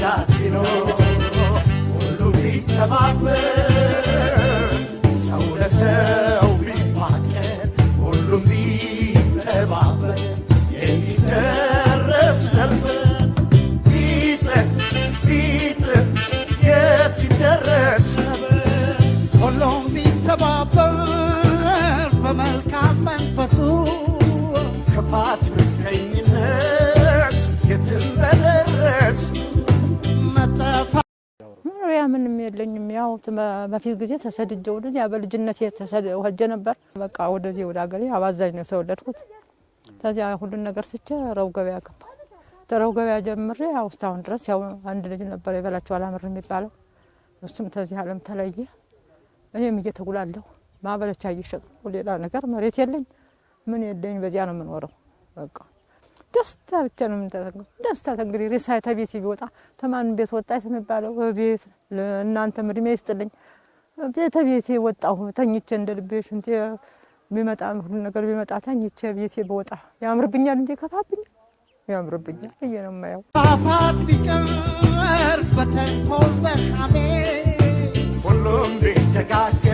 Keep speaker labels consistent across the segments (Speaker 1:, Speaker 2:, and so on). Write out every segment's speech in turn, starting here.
Speaker 1: መረዳዳት ቢኖር ሁሉ ቢተባበር ሰው ለሰው ቢፋቀር ሁሉም ቢተባ
Speaker 2: የለኝም። ያው በፊት ጊዜ ተሰድጄ ወደዚህ በልጅነት ወጀ ነበር። በቃ ወደዚህ ወደ ሀገሬ አባዛኝ ነው የተወለድኩት። ከዚያ ሁሉን ነገር ስቼ ረው ገበያ ገባ። ተረቡ ገበያ ጀምሬ ያው እስካሁን ድረስ ያው አንድ ልጅ ነበር የበላቸው አላምር የሚባለው እሱም ተዚህ ዓለም ተለየ። እኔም እየተጉላለሁ ማበለቻ እየሸጥኩ ሌላ ነገር መሬት የለኝ ምን የለኝ፣ በዚያ ነው የምኖረው በቃ ደስታ ብቻ ነው የምንተሰግረው። ደስታ እንግዲህ ሬሳ ተቤት ቢወጣ ተማን ቤት ወጣ የሚባለው ቤት ለእናንተም እድሜ ይስጥልኝ። ቤተ ቤቴ ወጣሁ ተኝቼ እንደ ልቤ ሽንቴ ቢመጣ ሁሉ ነገር ቢመጣ ተኝቼ ቤቴ በወጣ ያምርብኛል እንዴ ከፋብኛል ያምርብኛል ብዬ ነው የማየው።
Speaker 1: ፋፋት ቢቀር በተንኮል በሻሜ ሁሉም ቤት ቢደጋገብ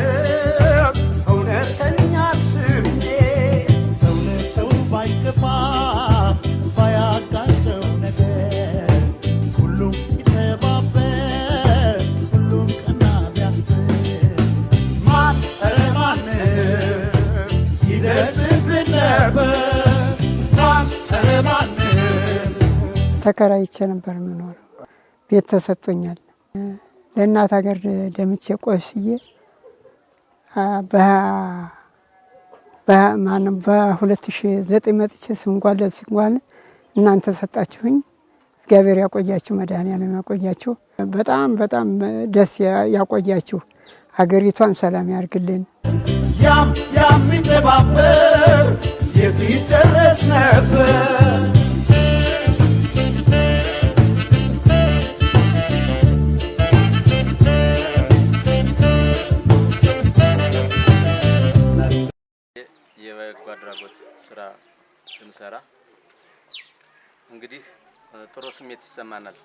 Speaker 1: እውነትን
Speaker 2: ተከራይቼ ነበር የምኖረው። ቤት ተሰጥቶኛል። ለእናት ሀገር ደምቼ ቆስዬ ማንም በሁለት ሺህ ዘጠኝ መጥቼ ስንጓለ ስንጓለ እናንተ ሰጣችሁኝ። እግዚአብሔር ያቆያችሁ፣ መድኃኒዓለም ያቆያችሁ። በጣም በጣም ደስ ያቆያችሁ። ሀገሪቷን ሰላም ያርግልን።
Speaker 3: ስራ ስንሰራ እንግዲህ ጥሩ ስሜት ይሰማናል።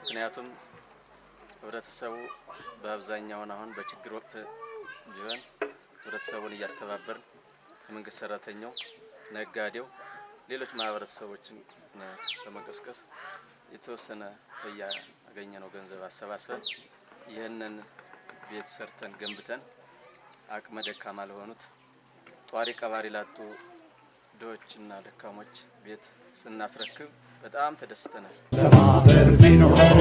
Speaker 3: ምክንያቱም ህብረተሰቡ በአብዛኛውን አሁን በችግር ወቅት ቢሆን ህብረተሰቡን እያስተባበርን የመንግስት ሰራተኛው፣ ነጋዴው፣ ሌሎች ማህበረተሰቦችን በመቀስቀስ የተወሰነ ያገኘነው ገንዘብ አሰባስበን ይህንን ቤት ሰርተን ገንብተን አቅመ ደካማ ለሆኑት ጧሪ ቀባሪ ላጡ ድሆችና ደካሞች ቤት ስናስረክብ በጣም ተደስተናል።
Speaker 1: ለማህበር ቢኖር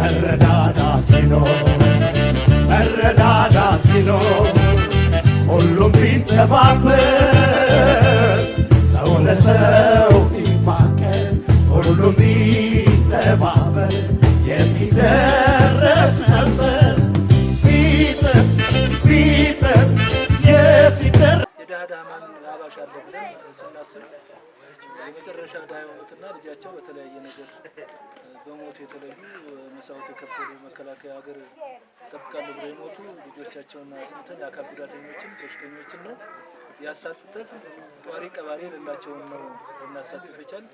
Speaker 1: መረዳዳት ቢኖር መረዳዳት ቢኖር ሁሉም ቢተባበር ሰው ለሰው ቢፋቀር ሁሉም ቢተባበር የሚደር
Speaker 3: ስናስብ የመጨረሻ ዕዳ የሆኑትና ልጃቸው በተለያየ ነገር በሞቱ የተለዩ መስዋዕት የከፈሉ መከላከያ ሀገር ይጠብቃሉ ብለው የሞቱ ልጆቻቸውን አስምተን የአካል ጉዳተኞችን በሽተኞችን ነው ያሳተፍ ጧሪ ቀባሪ የሌላቸውን ነው ልናሳትፍ የቻል።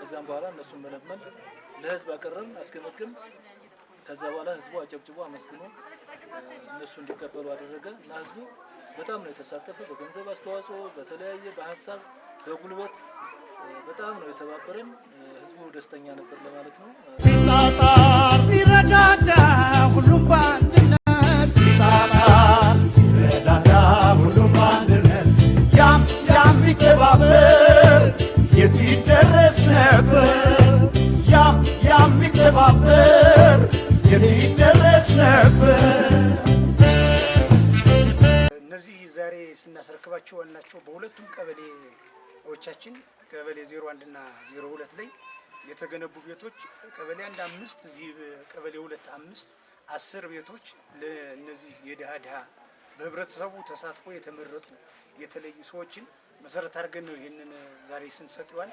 Speaker 3: ከዛም በኋላ እነሱን መለመን ለህዝብ አቀረብን፣ አስገመግም። ከዛ በኋላ ህዝቡ አጨብጭቦ አመስግኖ እነሱ እንዲቀበሉ አደረገ እና ህዝቡ በጣም ነው የተሳተፈ በገንዘብ አስተዋጽኦ፣ በተለያየ በሀሳብ በጉልበት በጣም ነው የተባበረን። ህዝቡ ደስተኛ ነበር ለማለት ነው።
Speaker 1: ቢጣጣር ቢረዳዳ ሁሉም በአንድነት ሁሉም በአንድነት ያም ያም የት ይደረስ ነበር? ያም ያም የት ይደረስ ነበር?
Speaker 4: እነዚህ ዛሬ ስናስረክባቸው ያልናቸው በሁለቱም ቀበሌ ቤቶቻችን ቀበሌ ዜሮ አንድ እና ዜሮ ሁለት ላይ የተገነቡ ቤቶች ቀበሌ አንድ አምስት እዚህ ቀበሌ ሁለት አምስት አስር ቤቶች ለእነዚህ የድሃ ድሃ በህብረተሰቡ ተሳትፎ የተመረጡ የተለዩ ሰዎችን መሰረት አድርገን ነው ይህንን ዛሬ ስንሰጥ ይዋል።